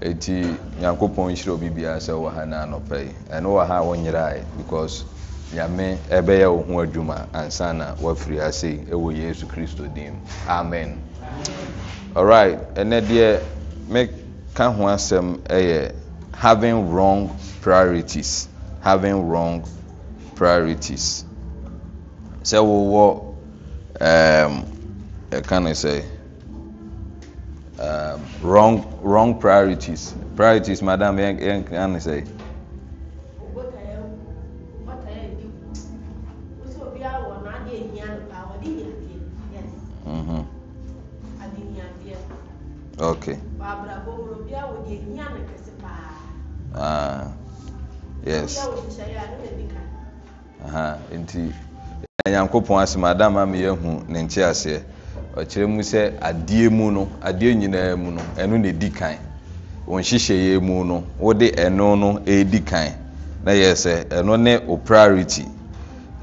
ɛti nyankopɔn hyirɛ obi biaa sɛ wɔ ha no anɔpɛyi ɛne wɔ ha a wonyeraeɛ because nyame ɛbɛyɛ wo ho adwuma ansa na woafiri asei ɛwɔ yesu kristo din amen alright ɛnɛ deɛ meka ho asɛm ɛyɛ having wrong priorities having wrong priorities sɛ wowɔ ɛka no sɛ Um, wrong priorities priorities maadam yɛa ne sɛey nti nyankopɔn asɛ madam ame yɛahu ne nkye aseɛ ɔkyerɛ mu sɛ adeɛ mu no adeɛ nyinaa mu no ɛno ne di kan wɔn hyehyɛeɛ mu no wode ɛno no ɛredi kan na yɛ sɛ ɛno ne o priority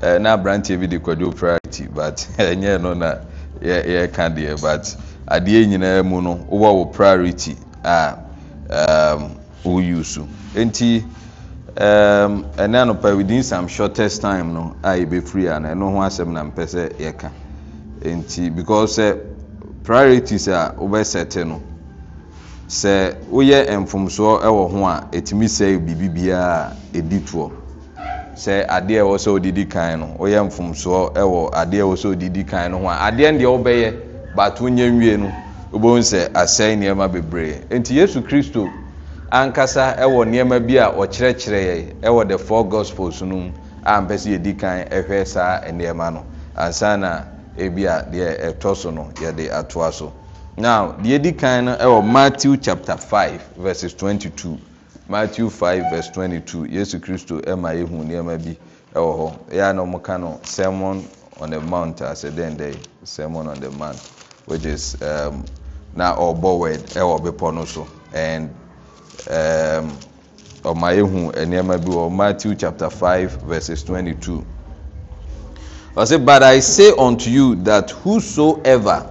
ɛɛ na aberanteɛ bi de kwadwo priority but ɛnyɛ ɛno na yɛ yɛka deɛ but adeɛ nyinaa mu no wowɔ wo priority a ɛɛm woyu so nti ɛɛm ɛnɛ anɔpa within some shortest time no a yɛbɛfiri ano ɛno ho asɛm na mpɛ sɛ yɛka. nti because eh, priorities a eh, wobɛsɛte eh, no sɛ woyɛ mfomsoɔ wɔ ho a ɛtumi sɛe biribibiaa a ɛdi toɔ sɛ adeɛ ɛwɔ sɛ odidi kan no woyɛ mfomsoɔ wɔ adeɛ ɛwɔ sɛ odidi kan no ho a adeɛ n deɛ wobɛyɛ bato nyɛ nwie no wobɛhu sɛ asɛe nnoɔma bebree ɛnti yesu kristo ankasa ɛwɔ nnoɔma bi a ɔkyerɛkyerɛeɛ ɛwɔ the four gospels no mu ampɛ sɛ yɛdi kan ɛhwɛ saa nnoɔma no ansa na ebia deɛ ɛtɔ so no yɛde atoa so now deɛ di kan no ɛwɔ matthew chapter five verses twenty two matthew five verse twenty two yesu kristo ɛma ehu nneɛma bi ɛwɔ hɔ ɛyà na wɔn ka no sermon on the mount asɛ den dɛ sermon on the mount which is um, na ɔbɔ word ɛwɔ bepɔ no so and um, ɔma ehu nneɛma bi wɔ matthew chapter five verses twenty two ɔse but i say unto you that whosoever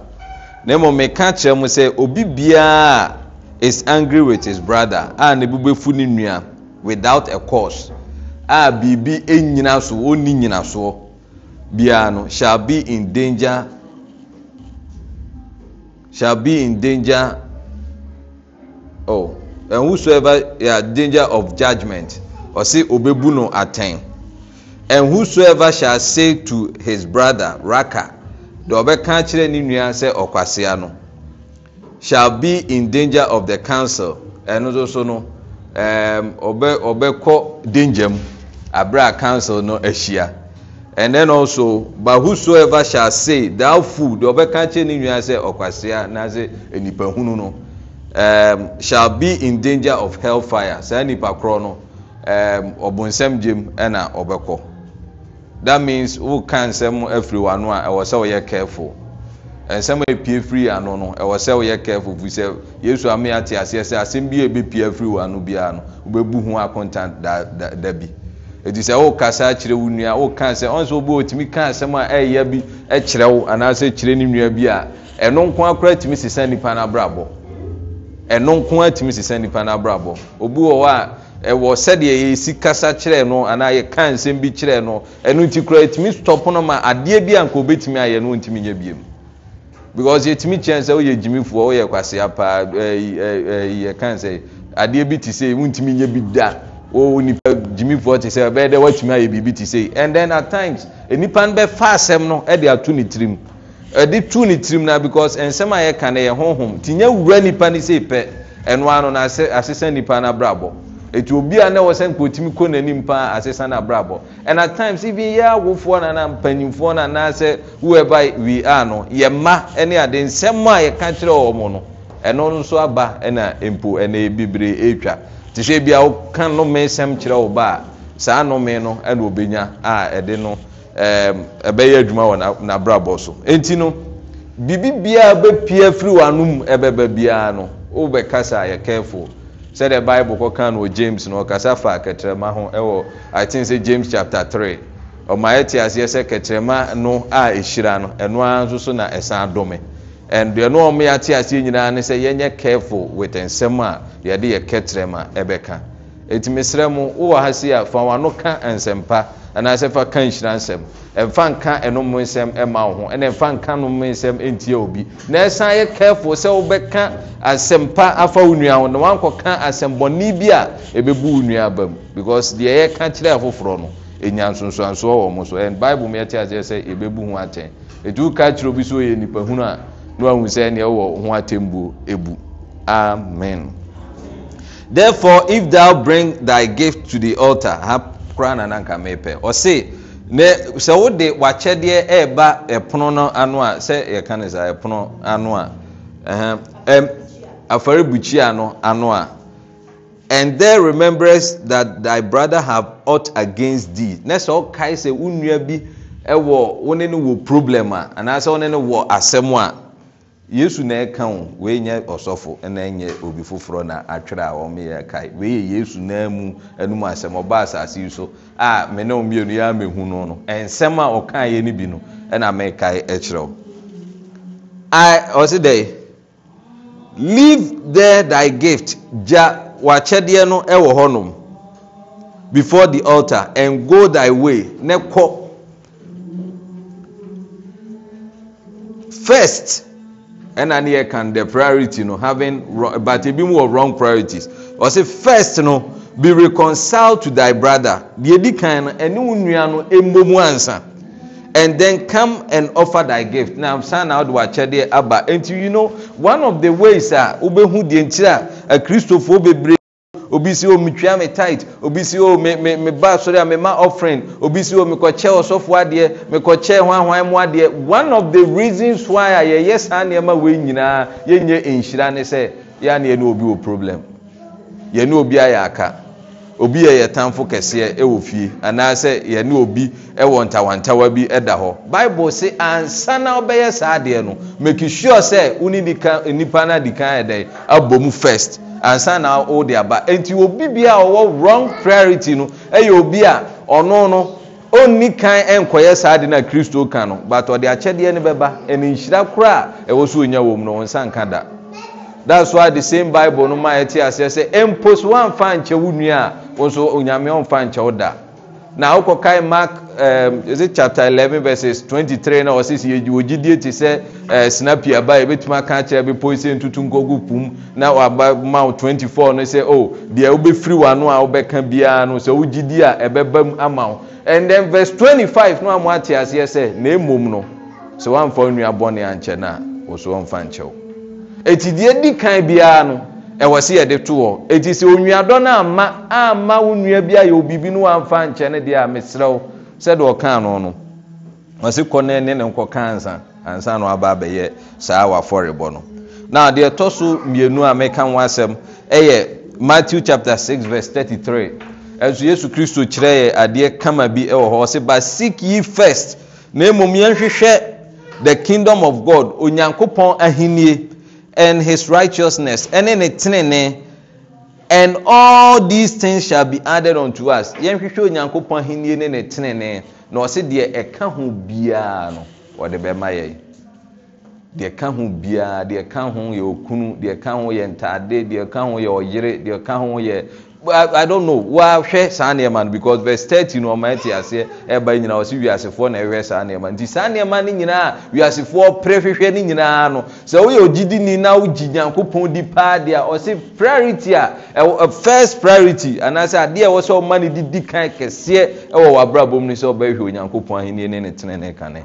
ne mo meka kyerɛ mo sɛ obi biara is angry with his brother a ne bobɛfu ne nua without a cause a biribi nyina so ɔnni nyina soɔ biara no shall be in danger shall be in danger oh and whosoever yeah, danger of judgment ɔse ɔbɛbu no atɛn and whosoever shall say to his brother raka deɛ ɔbɛka akyerɛ ne nua sɛ ɔkwasea no shall be in danger of the council ɛno nso so no ɛɛm um, ɔbɛ ɔbɛkɔ danger mu abere a council no ahyia and then also but whosoever shall say thou fool deɛ ɔbɛka akyerɛ ne nua sɛ ɔkwasea na sɛ nipahunu no ɛɛm um, shall be in danger of hellfire saa nipa korɔ no ɛɛm um, ɔbɔnsɛm gyem ɛna ɔbɛkɔ. that means woka nsɛm afiri w'ano a ɛwɔ sɛ woyɛ careful nsɛm eh, a epie firi ano no ɛwɔ sɛ woyɛ careful fi sɛ yesu ame ate aseɛ sɛ asɛm bi a ebepie afiri w'ano biara no wobɛbu ho akonta da da da bi eti sɛ wokasa oh, kyerɛ wo nua woka oh, sɛ obi otumi ka asɛm a ɛyɛ eh, bi ɛkyerɛ eh, wo anaasɛ kyerɛ ne nua bi a ɛno nko akora sisan nipa n'abrabɔ ɛno nko sisan nipa n'abrabɔ obi wɔ hɔ a. ɛwɔ sɛdeɛ yɛsi kasa kyerɛɛ no anaa yɛka nsɛm bi kyerɛɛ no ɛno nti koraa ɛtumi stɔpo no ma adeɛ bi anka obɛtumi ayɛ no ntumi nya biemu because yɛtumi kyɛn sɛ woyɛ gyimifoɔ woyɛ kwasea paa eh, eh, eh, yɛka sɛ adeɛ bi te sɛ wontumi nya bi da wo nipa gyimifoɔ te sɛ ɛbɛyɛ dɛ woatumi ayɛ biribi te sei and then at times nipa no bɛfa asɛm no ɛde ato ne tirim ɛde tu ne tirim na because nsɛm a yɛka no yɛ honhom nti nyɛ wura nipa no sɛ pɛ ɛnoa no na asesɛ nipa no abrabɔ ɛti obi a na wɔ sɛ nkpɔtumi kɔ n'anim paa asesa abrabɔ and at times even yɛ awofoɔ na anaa na no anaasɛ whoever we are no yɛma ne ade nsɛm a yɛka kyerɛ wɔ mo no ɛno nso aba ɛna mpo ɛna bebree ɛretwa te sɛ bia woka nnome nsɛm kyerɛ wo ba a saa nnome no ɛna obɛnya a ɛde no ɛbɛyɛ adwuma wɔ n'abrabɔ so ɛnti no biribi biara bɛpia firi w'anom ɛbɛba biara no wobɛkasa yɛ careful sɛdeɛ bible kɔka no wɔ james no ɔkasa fa kɛtrɛma ho ɛwɔ i think sɛ james chapter 3 ɔma yɛte aseɛ sɛ kɛtrɛma no a ɛhyira no ɛno ara nso so na ɛsan adome and deɛ no ɔmo yɛate aseɛ nyinaa ne sɛ yɛnyɛ careful with nsɛm a yɛde yɛ kɛtrɛma ɛbɛka ɛti mesrɛ mu wowɔ ha sei a fa wano ka nsɛmpa anaasɛ fa ka nhyira nsɛm ɛmfa nka ɛnom nsɛm ma wo ho ɛne ɛmfa nka nom nsɛm ntia obi na ɛsan yɛ careful sɛ wobɛka asɛmpa afa wo nua ho na wankɔka asɛmbɔne bi a ɛbɛbu wo nua aba mu because deɛ yɛka kyerɛ afoforɔ no ɛnya nsonsoansoɔ wɔ mo so ɛn bible mu yɛte aseɛ sɛ yɛbɛbu ho atɛn ɛti woka kyerɛ obi so ɔyɛ nipahunu a na wahu sɛ neɛ wɔ ho atɛmbuo ɛbu amen therefore if thou bring thy gift to the altar ha koraa na nanka meepɛ ɔse sɛ wode w'akyɛdeɛ ɛɛba ɛpono no ano a sɛ yɛka ne saa ɛpono ano a afɔrebukyia no ano a and there remembrance that thy brother have ought against thee na sɛ ɔkae sɛ wo nnua bi ɛwɔ wo ne no wɔ problem a anaasɛ wo ne no wɔ asɛm a yesu na ɛka wo wee nyɛ ɔsɔfo na ɛnyɛ obi foforɔ na atwerɛ a ɔmeyɛ kae weiyɛ yesu na mu anom asɛm ɔba asase yi so a me ne mmienu yɛa mɛhu no no ɛnsɛm a ɔkaeɛ no bi no ɛna mekae kyerɛ wo ɔse dɛ leave there thy gift gya w'akyɛdeɛ no wɔ hɔnom before the altar and go thy way ne kɔ first ɛna ne yɛ kan the priority no having but ebi mu wɔ wrong priorities ɔsi first no be reconciled to thy brother deɛ di kan no ɛne wo nua no ɛmbɔ e mu ansa and then come and offer thy gift na san na ɔde wakyɛdeɛ aba Until you know one of the ways a ah, wobɛhu deɛ nkyerɛ a akristofoɔ eh, bebree obi si o oh, metwua me tit obi si o oh, meba sɔre a mema offering obi si o oh, mekɔkyɛ ɔsɔfoɔ adeɛ mekɔkyɛ hwanhwan mu adeɛ one of the reasons why a yɛyɛ saa nneɛma wei nyinaa yɛnyɛ nhyira ne sɛ yɛa ne yɛne obi wɔ problem yɛne obi ayɛ aka obi yɛ yɛ tamfo kɛseɛ wɔ fie anaasɛ yɛne obi wɔ ntawantawa bi da hɔ bible se ansa na wobɛyɛ saa adeɛ no make sure sɛ wo ne nnipa no adi kan ɛdɛn abɔ mu first ansa na wode aba nti obi bi a ɔwɔ wrong priority no ɛyɛ obi a ɔno no ɔnni kan ɛnkɔyɛ saa de no kristo ka no but ɔde akyɛdeɛ no bɛba ɛne nhyira kora a ɛwɔ so ɔnya wɔ mu no wɔ nsa nka da that's why the same bible no ma ya aseɛ sɛ mpo so woamfa nkyɛ wo nua a wo nso onyame da na wokɔkae mark ɛse um, chapter 11 verses 23 na ɔse sɛ yɛwɔgyidie te sɛ sena pii aba yɛbɛtumi aka akyerɛ bɛpoi sɛ ntutu nkɔgu pum na waba ma wo 24 no sɛ o deɛ wobɛfiri w'ano a wobɛka biara no sɛ wogyidie a ɛbɛba mu ama wo and then verse 25 no amo ate aseɛ sɛ na mmom no sɛ woamfa wo nnuabɔne ankyɛ no a wo so wɔmfa nkyɛ wo ɛti deɛ di kan biara no ɛwɔ sɛ yɛde toɔ ɛnti sɛ onuadɔ no ama amma wo nnua bi ayɛ obibi no waamfa nkyɛ ne deɛ a meserɛ wo no no ɔse kɔ no ne ne nkɔka ansa ansa no aba abɛyɛ saa wafɔrebɔ no na deɛ ɛtɔ so mmienu a meka ho asɛm ɛyɛ e matthew chapter six verse thirty three ɛnso yesu kristo kyerɛ yɛ adeɛ kama bi ɛwɔ hɔ ɔse but seek ye first na mmom yɛnhwehwɛ the kingdom of god onyankopɔn ahennie nhis righteousness ɛne ne tenene an all these things syall be added ɔnto us yɛnhwehwɛ onyankopɔn ahennie ne ne tenene na ɔ se deɛ ɛka ho biaa no ɔde bɛma yɛ deɛ ka ho biara deɛ ka ho yɛ ɔkunu deɛ ka ho yɛ ntade deɛ ka ho yɛ ɔyere deɛ ka ho yɛ I don't know wahwɛ saa nneɛma no because verse thirty no ɔmo ɛte aseɛ ɛba nyinaa ɔsi wiasefoɔ na ɛhwɛ saa nneɛma nti saa nneɛma no nyinaa wiasefoɔ pere hwehwɛ no nyinaa no sɛ woyɛ ogyidini na wogyi nyankopɔn di paa deɛ ɔsi priority a ɛwɔ first priority anaasɛ adeɛ a sɛ ɔma no di di kan kɛseɛ ɛwɔ w'abrabɔ mu no sɛ ɔbɛhwɛ onyankopɔn ahenni ne ne tene ne kane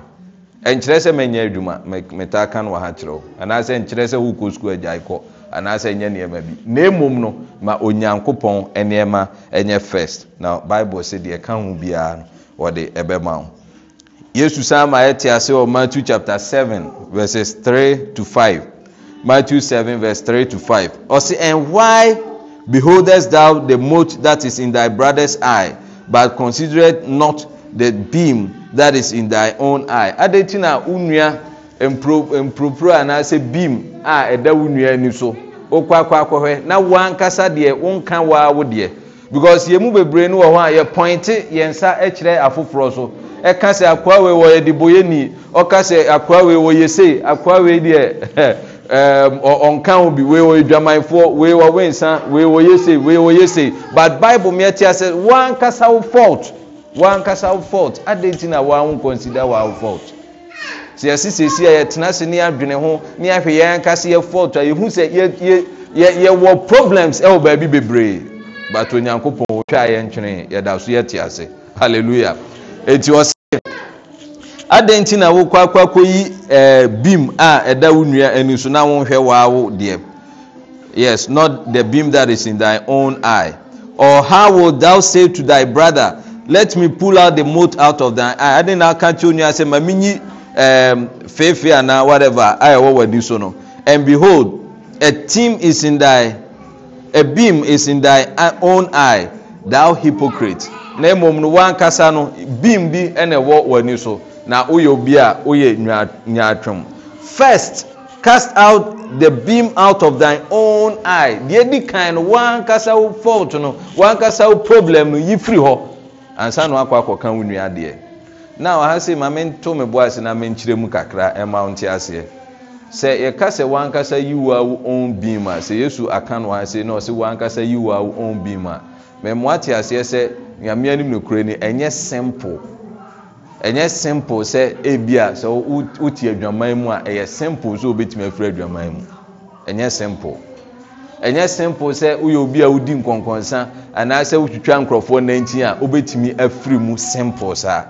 ɛnkyerɛ sɛ mɛnyɛ adwuma mɛtaa kan wɔ ha kyerɛw anaasɛ nkyerɛ sɛ wokɔ sukuu anaasɛ ɛnyɛ nnoɔma bi na mmom no ma onyankopɔn nnoɔma ɛnyɛ first na bible sɛ deɛ ɛka ho biara no wɔde ɛbɛma wo yesu san ma yɛte ase wɔ matthew chapter seven, verses three to five. matthew seven, verse three to five. ɔsi and why beholdest thou the mote that is in thy brother's eye but considerest not the beam that is in thy own eye adetina unua mpuropuro anaasɛ beam a ɛda wo nnua ani so wokɔ akɔ akɔhwɛ na woankasa deɛ wonka waa wo deɛ because yɛ mu bebree no wɔ hɔ a yɛpɔinte yɛn nsa kyerɛ afoforɔ so ɛka sɛ akoawei wɔ yɛde boyɛni ɔka sɛ akoawei wɔ yɛsei akoawei deɛ ɔnka ho bi wei wɔ adwamanfoɔ wei wɔ wensa wei wɔ yɛsei wei wɔ yɛsei but bible meɛte sɛ woankasa wo fault woankasa wo fault adɛn nti na woa ho consider waa wo fault sɛ yɛse seesi a yɛtena se ne yɛadwene ho ne yɛahwɛ yɛn ankasa yɛfɔɔto a yɛhu sɛ yɛwɔ problems ɛwɔ baabi bebree but onyankopɔn wɔtwa a yɛntwene yɛda so yɛte ase halleluya ɛnti ɔsɛ adɛn nti na wokɔ akɔakɔ yi eh, beam a ɛda wo nnua ani so na wonhwɛ waa wo deɛ yes not the beam that is in thy own eye or how wilt thou say to thy brother let me pull out the mote out of thine eye adɛn na aka kyerɛ onua sɛ ma menyi Um, feefee anaa whatever a ɛwɔ w'adi so no and behold a team is in thy a beam is in thy own eye thou hypocrite na mmom no wankasa no beam bi na ɛwɔ w'ani so na woyɛ obi a woyɛ nyaatwam first cast out the beam out of thy own eye deɛ di kan no wankasa wo fault no wankasa wo problem no yi firi hɔ ansa na wakɔ akɔka wo nua adeɛ na ɔha sei ma mento me boa ase na menkyerɛ mu kakra ɛma wo nte aseɛ sɛ yɛka sɛ wankasa yiwa wo own beam a sɛ yesu aka no ɔha sei na ɔsɛ wankasa yiwa wo own beam a mɛmoa te aseɛ sɛ nyame anim nokura ni ɛnyɛ simple ɛnyɛ simple sɛ ebi a sɛ wote adwaman mu a ɛyɛ simple sɛ wobɛtumi afiri adwaman mu ɛnyɛ simple ɛnyɛ simple sɛ woyɛ obi a wodi nkɔnkɔnsa anaasɛ wotwitwa nkurɔfoɔ nantin a wobɛtumi afiri mu simple saa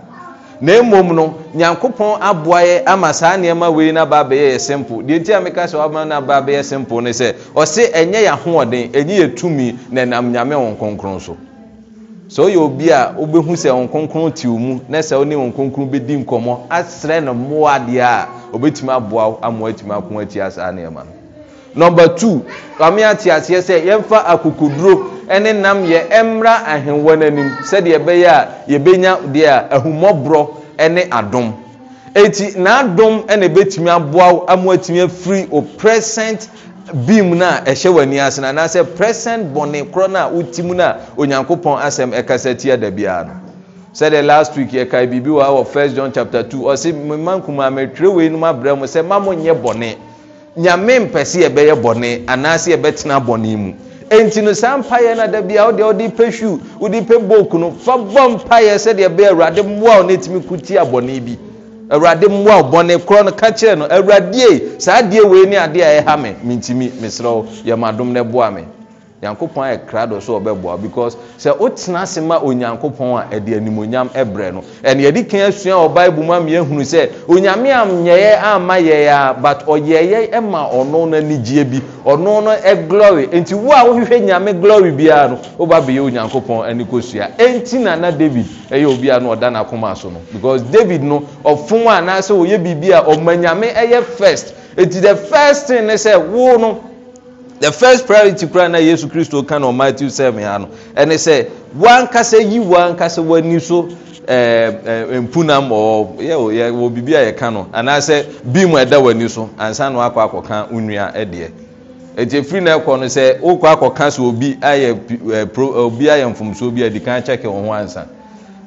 na mmom no nyankopɔn aboaeɛ ama saa nnoɔma wei no aba bɛyɛ yɛ simple deɛ nti a meka sɛ wama no aba bɛyɛ simple ne sɛ ɔse ɛnyɛ yɛ ɛnyɛ yɛ na ɛnam nyame wɔn kronkron so sɛ woyɛ obi a wobɛhu sɛ wɔn kronkron te wo mu na sɛ wo ne wɔn kronkron bɛdi nkɔmmɔ asrɛ no mmoadeɛ a ɔbɛtumi aboa wo amoa atumi ako atia saa nnoɔma no number two ame ate aseɛ sɛ yɛmfa akokoduro ne nam yɛ ɛmmra ahenwa no anim sɛdeɛ ɛbɛyɛ a yɛbɛnya deɛ a ahumɔborɔ ne adom ɛnti n'adom ne ɛbɛtumi aboawo amu atumi afiri o present bim na a ɛhyɛ w'ani ase no anaasɛ present bɔne korɔ na a mu na a onyankopɔn asɛm ɛkasa tia da biara no sɛdeɛ last week yɛkae biribi wɔ wɔ first john chapter two ɔse mma nkumaa matwerɛ wei nom abrɛ mo sɛ ma monyɛ bɔne nyame mpɛsi sɛ yɛbɛyɛ bɔne anaasɛ yɛbɛtena bɔne mu ɛnti no saa mpaeɛ no ada bia wodeɛ wode pɛ hwiw wode pɛ book no fa bɔ mpaeɛ sɛdeɛ ɛbɛyɛ awurade mmoa wo no kuti abɔne bi awurade mmoa wo bɔne korɔ no ka no awuradee saa deɛ wei ne adeɛ a ɛha me mentimi meserɛ wo yɛ m'adom no boa me nyankopɔn ayɛ krado so ɔbɛboa because sɛ wotena ase ma onyankopɔn a ɛde animonyam brɛ no ɛne yɛde ka asua ɔ bible mu ameɛhunu sɛ onyame amyɛeɛ ama yɛeɛ a but ɔyɛyɛ ma ɔno no anigyee bi ɔno no glory enti wo a wohwehwɛ nyame glory biara no ba bɛyɛ onyankopɔn ani kɔsua ɛnti na na david ɛyɛ obia no ɔda n'akoma so no because david no ɔfom anaasɛ wɔyɛ biribi a ɔma nyame ɛyɛ first ɛnti the first thing ne sɛ wo no the first priority kora na yesu kristo ka na ɔ matthew 7 ano, no ɛne sɛ wankasa yi wankasa w'ani so eh, eh, mpunam wɔ biribi a yɛka no anaasɛ bi mu ɛda w'ani so ansa na wakɔ akɔka nnua deɛ ɛnti ɛfiri no ɛkɔ no sɛ wokɔ akɔka sɛ obi ayɛ eh, obi ayɛ mfumso bi a di kan kyɛke wo ho ansa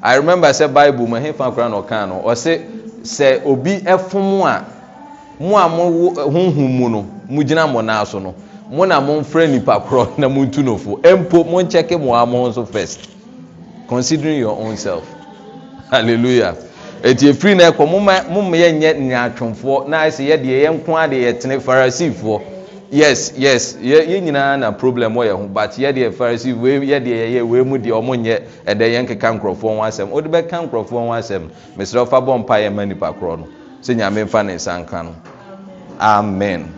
i remember sɛ bible mu ɛhefa kora na ɔka no ɔse sɛ obi ɛfom a mo a mo honhom mu no mo gyina mo naa no mo na momfrɛ nnipa korɔ na montu nofo mpo monkyɛke moa mo so first considering your own self halleluja ɛti ɛfiri e no ɛkɔ moma yɛnyɛ nneatwomfoɔ na ɛsɛ yɛdeɛ yɛnko adeɛ yɛtene farisifoɔ yes yes yɛn nyinaa na problem wɔ yɛ ho but yɛdeɛ farisee wei yɛdeɛ yɛyɛ wei mu deɛ ɔmo nyɛ ɛdɛ e yɛn keka nkorɔfoɔ ho asɛm o de bɛ ka nkorɔfoɔ ho asɛm mesrɛ ɔfa bɔ mpa yɛn ma nipa korɔ no sɛ nyame nfa ne nsa nka no amen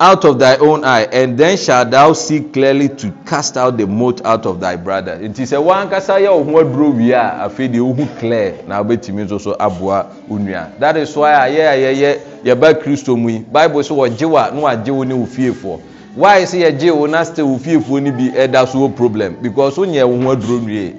out of thy own eye and then shalt thou see clearly to cast out the mote out of thy brother nti sɛ wankasa yɛ wo ho aduro wie a afei deɛ wohu clear na wobɛtumi nso so aboa wo that is why a yɛ a yɛyɛ yɛba kristo mu yi bible sɛ wɔgye wo no na wagye wo ne wo why sɛ yɛgye wo na sɛ wo fiefoɔ bi ɛda so wɔ problem because wonyɛ wo ho aduro nwie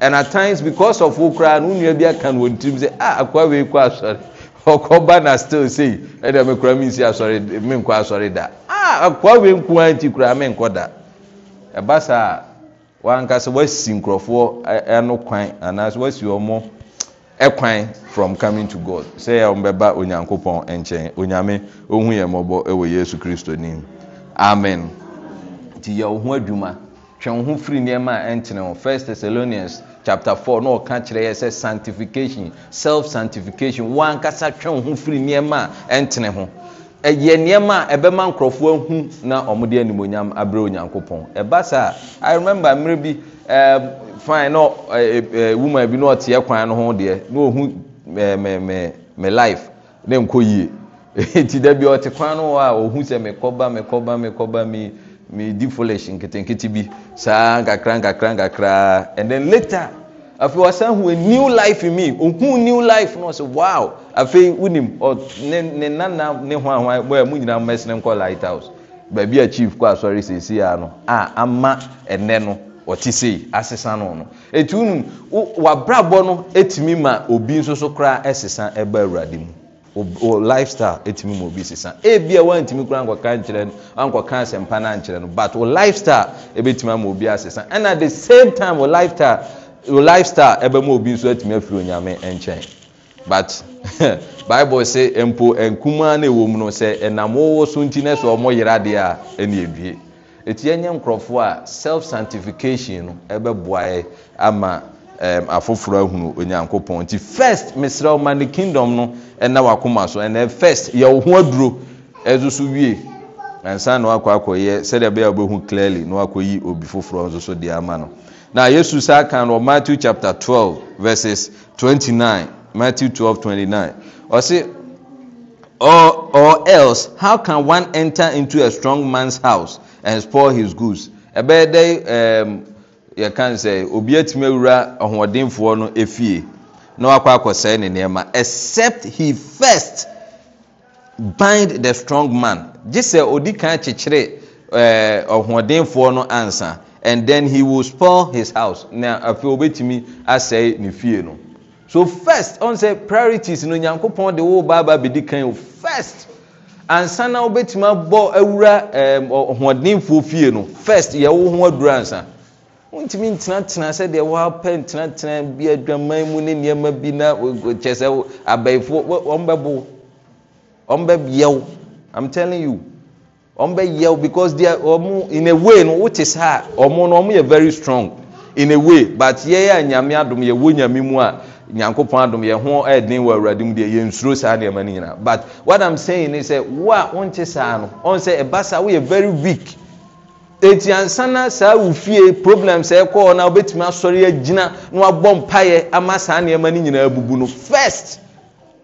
and at times because of wo koraa no wo bi aka no wɔ sɛ ah akwa wei kɔ asɔre ɔkɔ ba na still sei ɛde me kura mensi asɔre menkɔ asɔre da ɔkɔ ah, wei nko a nti kura menkɔ da ɛba saa wankasa wasi nkurɔfoɔ ɛno kwan anaasɛ wasi ɔmo ɛkwan from coming to God sɛ ɔmo bɛba onyankopɔn nkyɛn onyame ohun yɛn mɔbɔ ɛwɔ Yesu Kristo nim amen nti yɛ wo adwuma twɛn ho firi nneɛma a ɛntene ho First Thessalonians chapter four, e e na ɔka kyerɛ yɛ sɛ sanctification self sanctification woankasa twe wo ho firi nneɛma a ɛntene ho ɛyɛ nneɛma a ɛbɛma nkurɔfoɔ ahu na ɔmode animonyam abrɛ onyankopɔn ɛba e saa i remember mmerɛ bi fine na woman bi na ɔteɛ kwan no ho deɛ na ɔhu me life ne nkɔ yie nti da bia ɔte kwan no hɔ me ɔhu sɛ mekɔba mekɔba mekɔba mi mi di foolish nketenkete bi saa nkakra nkakra nkakra and then later afei wasan hu a new life in me ohun new life na ɔsɛ wow afei wunim ɔ ne ne nana ne ho ahoa bɔyɛ mu nyinaa mɛsene nkɔ light house baabi a chief kɔ asɔre sɛsi ya no a ama ɛnɛ no ɔte sei asesa no no etu nu wabrabɔ no etumi ma obi nso so koraa ɛsesa ɛba awurade mu o lifestyle etumi ma obi sesa ebi a wantumi koraa nkɔka nkyerɛ no ankɔka asɛmpa na nkyerɛ no but o lifestyle tima ama obi asesa ɛna the same time o lifestyle. your lifestyle ɛbɛma obi nso atumi afiri onyame nkyɛn but bible sɛ mpo nkumaa no ɛwɔ mu no sɛ ɛnam wɔwɔ so nti no sɛ ɔmɔ yeradeɛ a ɛne ɛdue ɛti ɛnyɛ nkurɔfoɔ a self sanctification no ɛbɛboaeɛ ama afoforɔ ahunu onyankopɔn nti first mesrɛ woma ne kingdom no ɛna wakoma so ɛnɛ first yɛwo ho aduro ɛso so wie ansa na akọ wakɔ akɔyɛ sɛdeɛ bɛyɛ wobɛhu clearly na wakɔyi obi foforɔ nso so deɛ ama no na yesu saa ka no matthew chapter twelve, verses twenty-nine, matthew twelve 12 29 ɔsi or or else how can one enter into a strong man's house and spoil his goods ɛbɛyɛ dɛ ɛɛm yɛ kan sɛ obi atumi awura ɔhoɔdenfoɔ no efie na wakɔ akɔsɛɛ ne nneɛma except he first bind the strong man gye sɛ odi kan kyekyere ɛɛ eh, ɔhoɔdenfoɔ no ansa and then he will spoil his house na afei obetumi asɛe ne fie no so first ɔn sɛ priorities no nyankopɔn de wo baaba bedi kan o first ansa na obetumi abɔ awura ɛɛm ɔhoɔdenfoɔ fie no first yɛ wo ho adura ansa ntumi ntenatena sɛdeɛ wɔapɛ ntenatena bi adwaman mu ne nneɛma bi na kyɛ sɛ abɛɛfoɔ wɔn bɛbo wɔn bɛbiɛw i'm telling you ɔmo bɛ yɛw because are ɔmo in a way no wote saa ɔmo no ɔmo yɛ very strong in a way but yɛyɛ a nyame adum yɛ wɔ nyame mu a nyankopɔn adum yɛ ho ɛden eh, wɔ awurade mu deɛ yɛn nsuro saa nneɛma no nyinaa but what i'm saying is that wo a wonte saa no ɔn sɛ ɛba saa woyɛ very weak eti ansana saa ofie problem sɛ ɛkɔɔ na wobɛtumi asɔre agyina na wabɔ mpaeɛ ama saa nneɛma no nyinaa abubu no first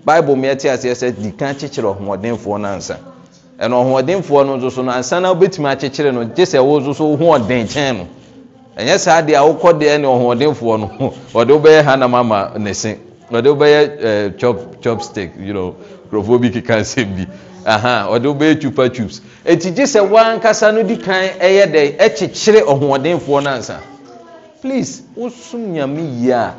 bible mmeɛ te aseɛ sɛ di kan kyekyere ɔhoɔdenfoɔ no ɛno ɔhoɔdenfoɔ no nso so no ansa na akyekyere no gye sɛ wo ɔden kyɛn no ɛnyɛ saa deɛ a deɛ ne ɔhoɔdenfoɔ no ɔde wobɛyɛ hanam ama ne se ɔde eh, you know nkurɔfoɔ bi keka nsɛm bi ɔde wobɛyɛ tupa tups ɛnti gye sɛ woankasa no di kan ɛyɛ dɛ ɛkyekyere ɔhoɔdenfoɔ please nyame yie a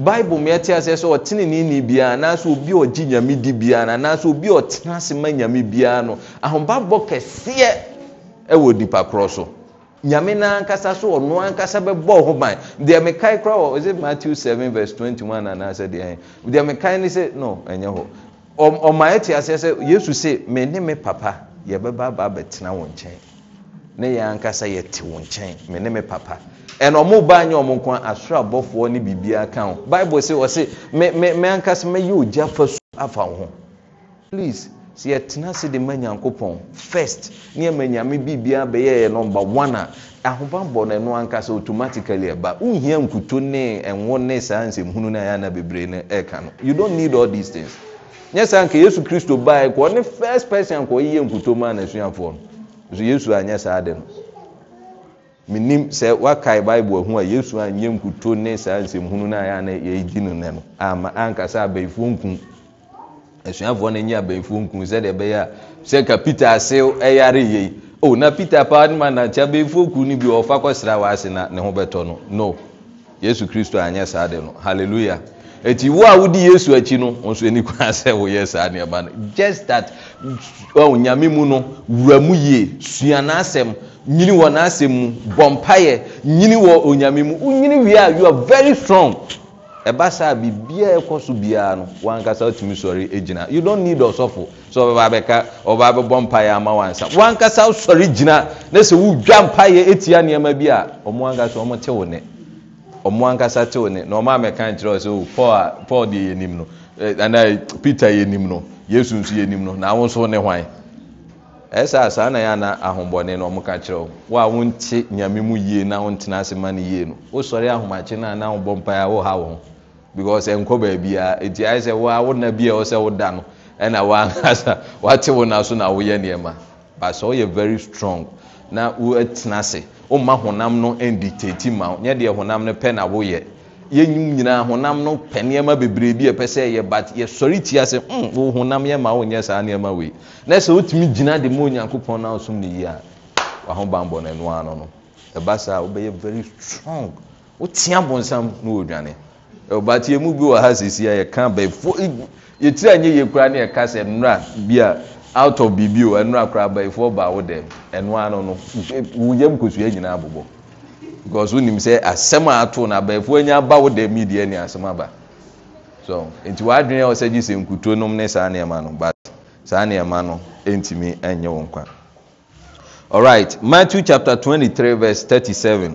bible meɛte aseɛ sɛ ɔtene neni biara anaasɛ obi ɔgye nyame di biara no anaasɛ obi ɔtena ase ma nyame biara no ahobabbɔ kɛseɛ wɔ nipa korɔ so nyame naa ankasa so ɔno ankasa bɛbɔɔ ho ban deɛ mekae kora wɔ ɔsɛ matthew 7 vs 21 anaasɛ deɛ deɛ mekae ne sɛ no ɛnyɛ hɔ ɔma ɛte aseɛ sɛ yesu se me ne me papa yɛbɛba abaa bɛtena wo nkyɛn ne yɛn ankasa yɛte wo nkyɛn me ne me papa ɛn ɔmo baa nyɛ ɔmo nkwa asoro abɔfoɔ ne biribiara ka ho bible sɛ ɔse me me me ankasa mɛyɛ ogya fa so afa ho please sɛ yɛtena ase de ma nyankopɔn first ne ɛma nyame biribiara bɛyɛ yɛ number one a ahobanbɔ no ɛno ankasa automatically ɛba wohia nkuto ne ɛnwo ne saa nsɛmhunu no a yɛana bebree no ɛka no you don't need all these things nyɛ saa nka yesu kristo baa ɛkɔ ɔne first person nkɔ ɔyɛ nkuto mu a n'asuafoɔ no so yesu anyɛ saa de no eni sɛ woakae bible hu a yesuayɛ nkutone saa nsɛmhuuɛi ankasaabaifɔ nku asuafoɔ noy abaf nk sɛdeɛ ɛyɛasɛka piter ase yareyeina pete paa nom nant abayifoɔ kun bi ɔɔfa kɔsra ase nne hobɛtɔ no no yesu kristo anyɛ saa de no alleluya ɛnti wo a wode yesu akyi no sni kwa sɛ woyɛ saa nnoɔma no jus that nyame mu no wura mu yie sua n'asɛm nyini wɔ n'asɛm mu bɔ mpayɛ nyini wɔ onyame mu wonyini wie you are very strong ɛba saa biribiara ɛkɔ so biara no wankasa wotumi sɔre gyina you don't need ɔsɔfo sɛ ɔbɛba abɛka ɔba abɛbɔ mpaeɛ ama wansa wankasa wosɔre gyina na sɛ wodwa mpaeɛ ɛtia nneɛma bi a ɔmo ankasa ɔmo te wo ne ɔmo ankasa te wo ne na ɔmo amɛka nkyerɛ wo o oh, paul a paul deɛ yɛ nim no Eh, anaa peter yɛnim no yesu nso yɛnim no na wonso ne hwan ɛsaa eh, saa na yɛana ahombɔne na ɔmoka kyerɛ wo wo a wonte nyame mu yie na wontena ase ma no yie no wosɔre ahomakye na ana wobɔ mpae a ha wo ho because ɛnkɔ baabiaa ɛnti ayɛ sɛ woa wona bia no ɛna na na nneɛma very strong na ase honam no ma nyɛ deɛ honam no pɛ na yɛnwum nyinaa honam no pɛ nneɛma bebree bi ɛpɛ sɛ yɛ but yɛsɔre tia sɛ mm wo honam yɛ ma wonyɛ saa nneɛma wei na sɛ wotumi gyina de ma onyankopɔn na osom ne yie a wahobanbɔ no ɛno ano no ɛba saa wobɛyɛ very strong wotea bonsam na wɔdwane but yɛ mu bi wɔ ha sisi a yɛka bɛfo yɛtiri a nyɛ yie koraa ne yɛka sɛ nnora bi a out of biribi o ɛnora koraa bɛfoɔ ba wo dɛm ɛno ano no wo e, yam kosua nyinaa bobɔ swonim sɛ asɛm aatoo no abayɛfoanyaba woda midi ne asɛm aba s ntiwadwene ɔ sɛye sɛnkuto nom ne saaema o saema nontmi yɛ oa mate a2337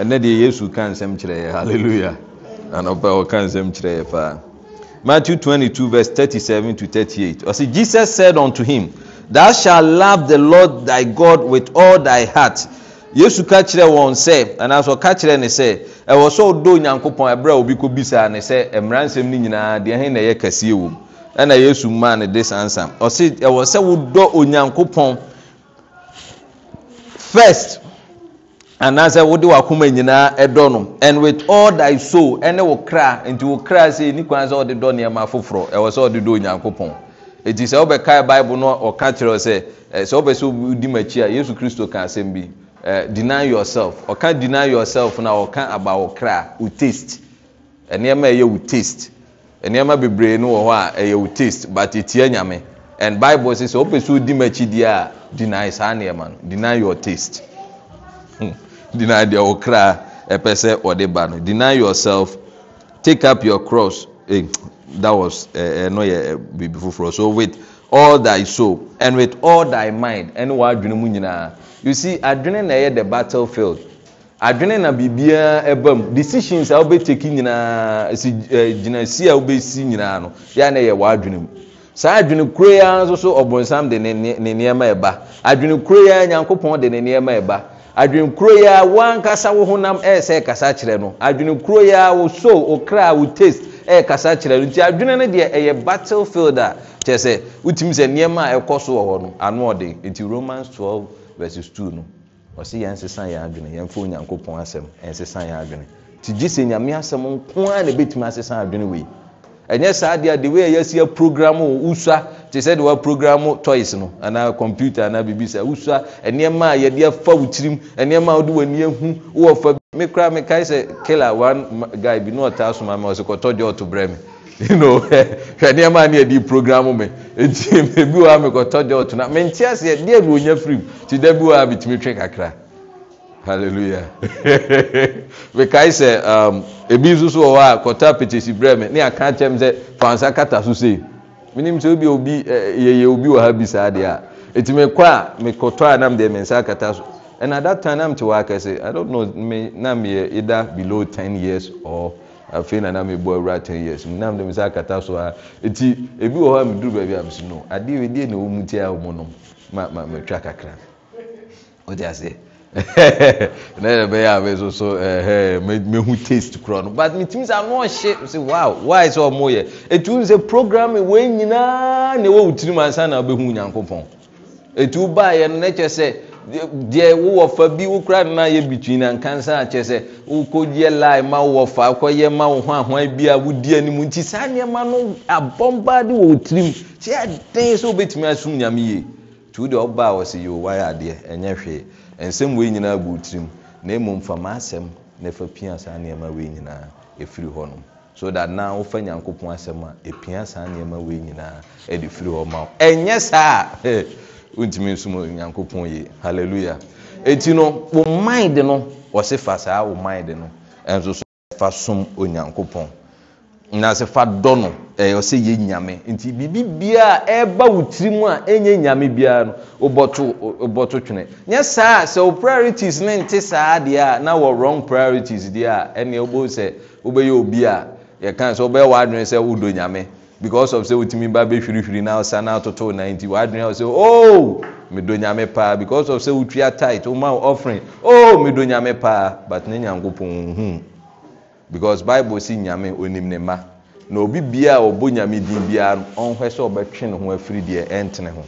eɛ ysu ka ns kyerɛɛɔkaskyerɛɛ aa22373 ɔs jesus sɛid unto him thou shal love the lord thy god with all thy heart yesu ka kyerɛ wɔn sɛ anaasɛ ɔka kyerɛ ne sɛ ɛwɔ sɛ ɔdɔ onyankopɔn ɛberɛ a obi kɔ bisaa ne sɛ mmeransɛm no nyinaa deɛ he na ɛyɛ kɛseɛ wɔ mu ɛna yesu maa ne de sansan ɔsi ɛwɔ sɛ wodɔ onyankopɔn first anaasɛ wode wakoma nyinaa ɛdɔ no and with all thy soul ɛne wo kra nti wo kra sɛ ni kwan sɛ ɔde dɔ nneɛma foforɔ ɛwɔ sɛ ɔde dɔ onyankopɔn eti sɛ ɔbɛka bible no ɔka kyerɛ sɛ ɛsɛ ɔbɛ sɛ odi m'akyi a yesu kristo ka asɛm bi Eh, deny yourself ɔka deny yourself na ɔka aba wɔ kra wo taste eh, nnoɔma ɛyɛ wo taste eh, nnoɔma bebree no wɔ hɔ a ɛyɛ wo taste but ɛtia nyame and bible sɛ sɛ so sɛ wodi makyidiɛ a deny saa nnoɔma no deny your taste hmm. deny deɛ wo kra ɛpɛ sɛ ɔde ba no deny yourself take up your cross eh, that was ɛno eh, yɛ eh, foforɔ so wait. all thy soul and with all thy mind ɛne w'adwene mu nyinaa you see adwene na ɛyɛ the battle field adwene na biribiara ɛba mu decisions a wobɛteki nyinaa esi ɛɛ gyinasi a wobɛsi nyinaa no yɛa na ɛyɛ w'adwene mu saa adwene kuro yi ara nso so ɔbɔnsam de ne nneɛma ɛba adwene kuro yi ara nyankopɔn de ne nneɛma ɛba adwene kuro yi ara wankasa wo honam ɛɛsɛ kasa kyerɛ no adwene kuro yi ara wo soul wo wo taste. ɛyɛ kasa kyerɛ no nti adwene no deɛ ɛyɛ battle field a kyerɛ sɛ wotumi sɛ nneɛma a ɛkɔ so wɔ hɔ no ano ɔde nti Romans 12 verses 2 no ɔsi yɛn sesa yɛn adwene yɛn fo Onyankopɔn asɛm yɛn sesa yɛn adwene nti gye sɛ Nyame asɛm nko ara na ebɛtumi asesa adwene wei. ɛnyɛ saa deɛ a deɛ weɛyɛasi a program o wosua nti sɛde wprogram toec no anaa computa anaabirbisa wosa noɔmaayɛdeɛfa wo tirim noɔma a wode wanihu wowɔ fa me kora mekae sɛ killar gu bi ne ɔta so mam ɔsɛ kɔtɔdyɔɔto berɛ me nɛ nnoɔmaa neɛde program me bio a mekɔtɔ yɔto no menteɛsedeɛ neɔnya firimu ti da bi o a metumi twe kakra alleluia bekae sɛ um, bi soso wɔ hɔ a kɔtɔ peasibrɛ me ne aka kyɛme sɛ faansa kata so sɛ mnɛɛbiɔha bi saadeɛa ɛtimekɔ a mekɔtɔnamdemsɛ katasnanetsɛ namɛ da belo 10 ya nw0ɛkata saɛibiɔhɔeduriawa kakraae na yɛ bɛyɛ abɛ so ɛhɛ mehu taste korɔ no but me timi sɛ ano ɔhye sɛ wow why sɛ ɔmo yɛ etu sɛ program wei nyinaa na ɛwɔ wɔn tirim ansa na ɔbɛhu nyankopɔn etu baa yɛ no na kyɛ sɛ deɛ wowɔ fa bi wokura no na yɛ bitwi na nkansa akyɛ sɛ wokɔyɛ lie ma wowɔ fa akɔyɛ ma wo ho ahoan bi a wodi anim nti saa nneɛma no abɔmbaa de wɔ wo tirim kyɛ ɛden sɛ wobɛtumi asom nyame yie tu deɛ ɔbaa wɔ sɛ yɛ owayɛ adeɛ ɛnyɛ hwee ɛnsɛm wei nyinaa gu tirim na mmom fa m'asɛm na fa pia saa nneɛma wei nyinaa ɛfiri hɔ nom so that na wofa nyankopɔn asɛm a ɛpia saa nneɛma wei nyinaa ɛde firi hɔ ma wo ɛnyɛ saa a wontumi nsom nyankopɔn yie halleluya ɛnti no wo mind no ɔse fa saa wo mind no ɛnso so ɛfa som onyankopɔn nasɛ fa dɔ no ɔsɛ eh, yɛ nyame nti biribi biaa ɛba eh, wo tiri mu a ɛnyɛ eh, nyame biara no wobɔto twene nyɛ saa a sɛ wo priorities ne nte saa deɛ a na wɔ wrong priorities deɛ a ɛneɛ wobɛhu sɛ wobɛyɛ obi a yɛka sɛ wobɛyɛ w'adwene sɛ wodɔ nyame because of sɛ wotumi ba bɛhwirihwiri na wosa no atoto na nti w'adwene wo sɛ o oh, medɔ nyame paa because of sɛ wotua tight woma wo offering o oh, medɔ nyame paa but ne nyankopɔn hu hmm because bible si nyame onim ne ma na obi biaa ɔbɔ nyame din biaa ɔnhwɛ sɛ ɔbɛtwe ne ho afiri deɛ ɛntene ho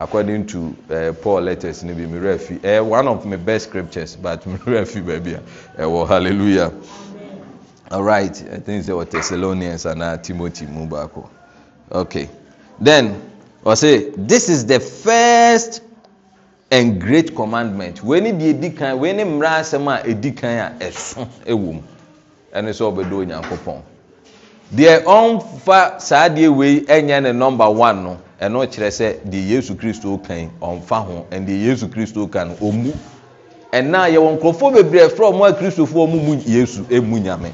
according to eh, paul letters no bi mmerɛ afi eh, one of my best scriptures but mmerɛ afi baabi a ɛwɔ hallelujah alright i think sɛ wɔ thessalonians anaa uh, timothy mu baako okay then ɔsɛ this is the first and great commandment wei ne deɛ edi kan wei ne mmerɛ asɛm a edi kan a ɛso ɛwɔ mu ɛne sɛ ɔbɛdɔ onyankopɔn deɛ ɔmfa saa deɛ wei ɛnyɛ ne nɔmba one no ɛno kyerɛ sɛ deɛ yesu kristo kan ɔmfa ho ɛn deɛ yesu kristo ka no ɔmu ɛna yɛwɔ nkurɔfoɔ bebree frɛ ɔmo a kristofoɔ ɔmo mu yesu ɛmu nyame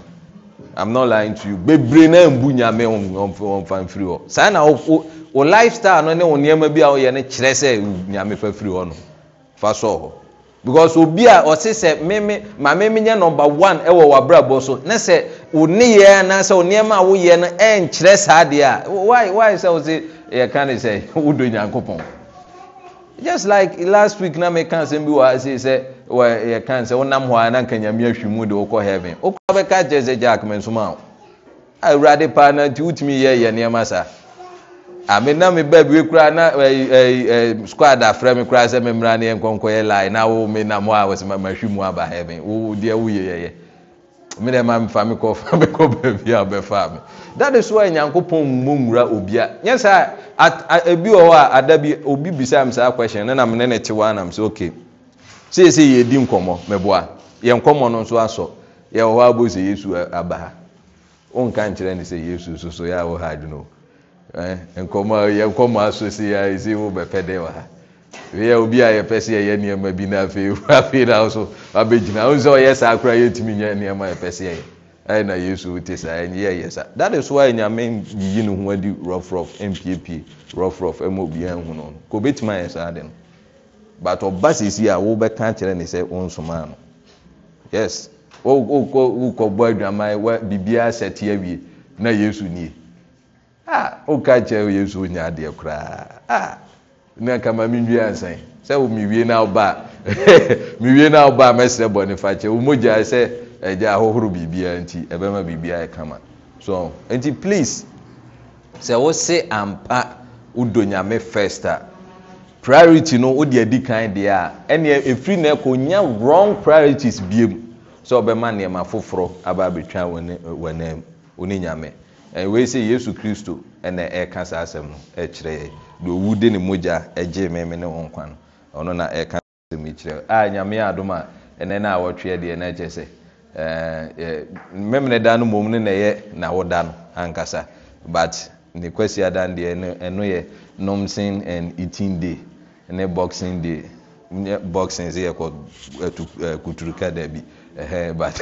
i'm not lying to you bebree na ɛmbu nyame ɔmfa mfiri hɔ saa na wo wo lifestyle no ne wo nneɛma bi a wɔyɛ no kyerɛ sɛ nyame fa firi hɔ no fa sɔɔ hɔ because obi a ɔte sɛ meme maame me nyɛ number one ɛwɔ w'abrabɔ so ne sɛ wo na anaasɛ wo nneɛma a woyɛ no ɛnkyerɛ saa deɛ a why why sɛ wo se yɛka ne sɛ wodɔ nyankopɔn just like last week na meka asɛm bi wɔ ha sei sɛ yɛka sɛ wonam hɔ a na nka nyame ahwi mu de wokɔ heaven wokora bɛka kyerɛ sɛ gyaak me nsom a wo awurade paa no nti wotumi yɛ yɛ nneɛma saa ame na me baa bie na eh, eh, eh, squad afrɛ me koraa sɛ memmra ne yɛ nkɔnkɔ yɛ na wo me nam hɔ a wɔsɛ mahwi mu aba heaven wo deɛ woyɛ yɛyɛ me dɛ ma mfa me kɔ fa me kɔ baabi a wɔbɛfaa me that is why nyankopɔn mmɔ nwura obia nyɛ saa ebi wɔ hɔ a ada bi obi bisa saa question ne nam ne ne wa nam sɛ mɛboa no Eh, yɛ nkɔmmɔ aso si a esi wo bɛpɛ dɛ wɔ ha yɛ obi a yɛpɛ sɛ yɛ nneɛma bi na afei afei na so abɛgyina wo sɛ ɔyɛ saa yɛ yɛtumi nyɛ nneɛma yɛpɛ si yɛ. ɛyɛ na yesu wote saa ɛnyɛ yɛ saa that is why nyame yiyi ne ho adi rough rough mpiepie rough rough ɛma obiara hu no kò obetumi ayɛ saa de no but ɔba sisi a wobɛka kyerɛ ne sɛ nsoma no yes wokɔ bɔ adwaman bibiara sɛ te awie na yesu nie. Ah, woka kyerɛ yɛsu wonya adeɛ koraa ah, na kama menwie ansan sɛ wo mewie no woba mewie no woba a mɛsrɛ bɔne fa kyɛ wo mogyae sɛ agya ahohoro biribiaa nti ɛbɛma biribiaa ɛkama so nti please sɛ wo se ampa wodɔ nyame first a priority no wode adi kan deɛ a ɛneɛ ɛfiri no ɛkɔnya wrong priorities biemu sɛ wobɛma nnoɔma foforɔ aba abɛtwa w'anam wo ne nyame Eh, wei sɛ yesu kristo ɛna ɛka saa asɛm no kyerɛ deɛ ɔwu de ne mogya gye meme ne wo nkwa no ɔno na ɛka sɛm kyerɛ a nyame adom a ɛnɛ no a deɛ no kyɛ sɛ eh, eh, memene da no mmom no na ɛyɛ na woda no ankasa but ne kwasi adan deɛ ɛno yɛ nomsen and eating day ne boxing day boxing sɛ yɛkɔ kuturuka da bi but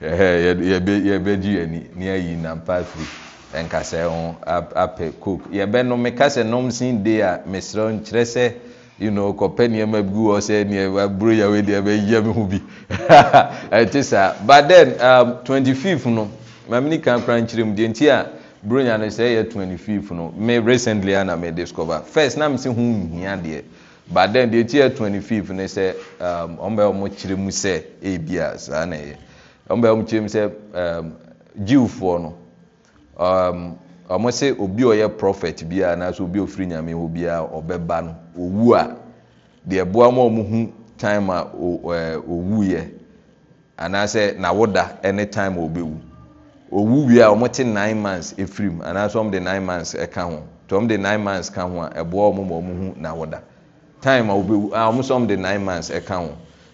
yɛbɛgye yɛni ne ayi nampa afiri ɛnkasɛ ho apɛ coke yɛbɛnom meka sɛ nom sen de a mesrɛ nkyerɛ sɛ you know, kɔpɛ nneɛma bi wɔ sɛ nneɛma buro yɛ wei deɛ bɛyɛ mi ho bi ɛte e saa but then um, twenty fifth no maame ni kan kora nkyerɛ mu deɛ nti a buro nya no sɛ yɛ twenty fifth no me recently ana me discover first na me se ho nhia deɛ. but then deɛ ɛti twenty fifth ne sɛ bɛ ɔmo kyerɛ mu ebi a na ɛyɛ ɔmo bɛ ɔmo kyerɛ mu sɛ jiwfoɔ no ɔmo um, sɛ obi a ɔyɛ prophet bi a obi a ofiri nyame hɔ bi a owu a deɛ boa ma ɔmo hu time a owu yɛ anaasɛ n'awoda ɛne time a ɔbɛwu owu a ɔmo te nine months efirim anaasɛ ɔmo de nine months ɛka ho tɔm de nine months ka ho a ɛboa ɔmo ma ɔmo hu n'awoda. time a wobɛwu a wɔn sɔm de nine months ɛka ho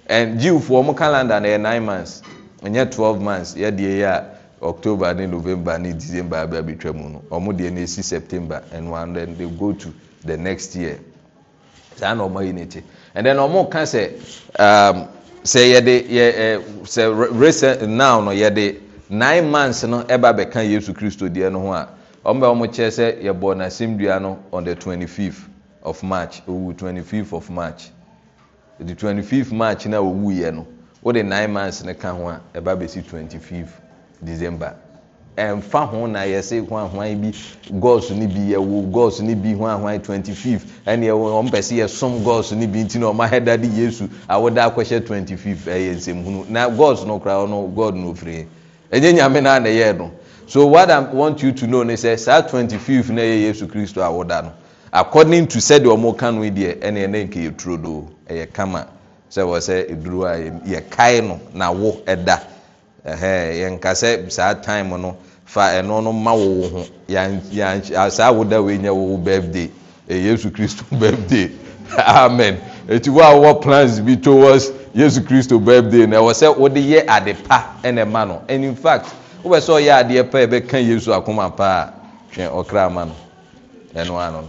and jiwfoɔ wɔn calendar na yɛ nine months nyɛ twelve months yɛ deɛ yɛ a october ne november ne december abɛ abɛtwa mu no wɔn deɛ na esi september and one then they go to the next year saa na wɔn ayi n'akyi and then wɔn ka sɛ um, sɛ yɛde yɛ ɛ sɛ recent now no yɛde nine months no ɛba bɛka yesu kristo deɛ no ho a wɔn bɛ wɔn kyerɛ sɛ yɛbɔ n'asɛm dua no on the twenty fifth of march ɔwu 25 of march ɛde 25 march no a wɔwuiɛ no wode nine months no ka ho a ɛba bɛsi 25 december ɛmfa ho na yɛse ho ahwan bi gos no bi yɛwo gos no bi ho ahwan 25 ɛne ɔmpɛ sɛ yɛsom gos no bi nti na ɔma hɛda de yesu awoda akɔhyɛ 25 ɛyɛ nsɛmhunu na gos no koraa ɔno god no ofiri ɛnyɛ nyame no a na ɛyɛ no so what i want you to know ne sɛ saa 25 no ɛyɛ yesu kristo awoda no according to sɛdeɛ ɔmo ka no deɛ ɛne ɛne nka yɛ do ɛyɛ e kama sɛ wɔ sɛ eduro a yɛ kae no na wo ɛda e ɛhɛn yɛn kasɛ saa time no fa ɛno no ma wo wo ho yan yan saa awoda wei nyɛ wo birthday ɛyɛ e yesu kristo birthday amen eti wo a wɔ plans bi towards yesu kristo birthday na ɛwɔ sɛ wode yɛ ade pa ɛna ɛma no and in fact wobɛ sɛ ɔyɛ adeɛ pa ɛbɛka yesu akoma paa twɛn ɔkra ama no ɛno ano no.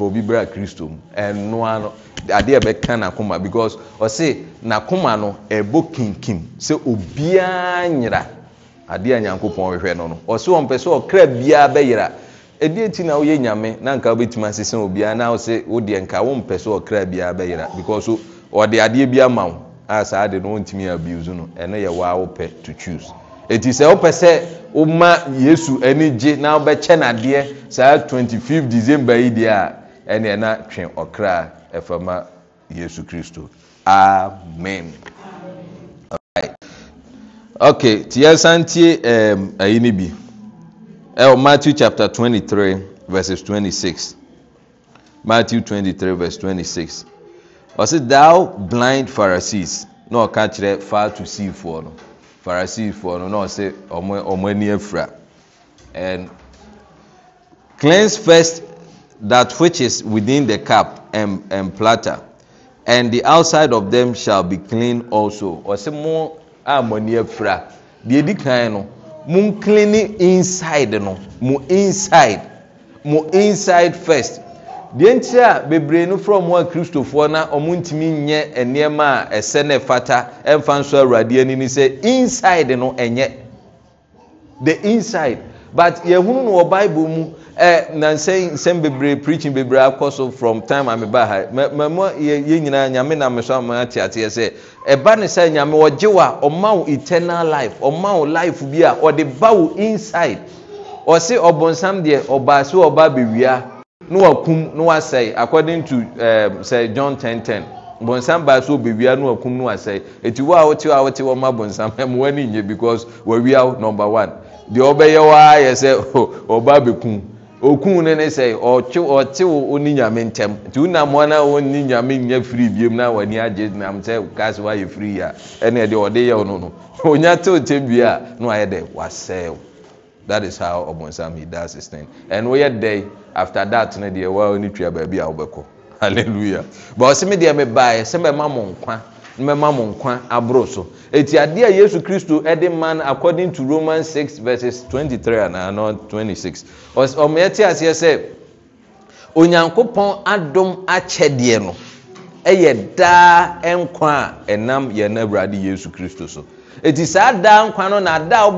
For obi berɛ a kristo mu ɛnoa no adeɛ bɛka n'akoma because ɔse n'akoma no ɛbɔ kinkim sɛ obiaa nyera adeɛ a nyankopɔn hwehwɛ no no ɔse ɔmpɛ sɛ ɔkra biaa bɛyera ɛdeɛ ti na woyɛ nyame na anka wobɛtumi asesa obiaa na wosɛ wodeɛ nka wompɛ sɛ ɔkra biaa bɛyera because ɔde adeɛ bi ama wo a saa de no wontumi abuse no ɛno yɛ waa wopɛ to choose ɛti sɛ wopɛ sɛ woma yesu ani gye na wobɛkyɛ nadeɛ saa 25 december yi deɛ a ɛneɛ na twe ɔkra a ɛfama yesu kristo amen ok nti yɛsa ntie um, ayi bi ɛwɔ matthew chapter 23 verses 26 matthew 23 verse 26 ɔse thou blind pharisees na ɔka kyerɛ for no for no na ɔse ɔmo ani afira and cleanse first that which is within the cup and, and platter, and the outside of them shall be clean also. Ɔsɛ mo a mo ani afira, deɛ di kan no, mo clean inside no, mo inside, mo inside first. Deɛ nti a bebree no from mo a kristofoɔ na ɔmo ntumi nyɛ nneɛma a ɛsɛ na ɛfata ɛnfa nso awuradeɛ ni ni sɛ inside no ɛnyɛ the inside but yɛhunu no wɔ bible mu eh, nansɛ nsɛm bebree preaching bebree akɔ so from time a meba ha mɛmɔ yɛ nyinaa nyame na mɛ so ama ate ateɛ sɛ ɛba ne sɛ nyame ɔgye wo a eternal life ɔma life bi a ɔde ba inside ɔse ɔbɔnsam deɛ ɔbaa so ɔba bewia na wakum na wasɛe according to eh, sɛ john ten bɔnsam baa so ɔbɛwia na wakum na wasɛe eti wo a wote hɔ a wote hɔ ma bɔnsam ɛmo w'ani nye because wɔawia wo number one deɛ ɔbɛyɛ waa yɛ sɛ oh, ɔba bɛkum ɔkum no ne sɛ ɔte wo ɔni nyame ntɛm nti wonammoa no ɔni nyame nyɛ firi biom no w'ani agye nam sɛ kas woayɛ firi yi a ɛneɛ deɛ ɔde yɛw no no ɔnya teo tɛm bie a na wayɛ dɛ wasɛe wo that is how ɔbɔnsam he does his thing and woyɛ dɛ after that no deɛ waa ne twa baabi a wobɛkɔ hallelujah but ɔsɛ me deɛ mebaeɛ sɛ mɛma mo nkwa mɛma mo nkwa aborɔ so ɛti adeɛ a yesu kristo ɛde man according to roman 6 vs 23 anaano 26 ɔmayɛte aseɛ sɛ onyankopɔn adom akyɛdeɛ no ɛyɛ daa nkwa a ɛnam yɛn awurade yesu kristo so ɛti saa daa nkwa no na da a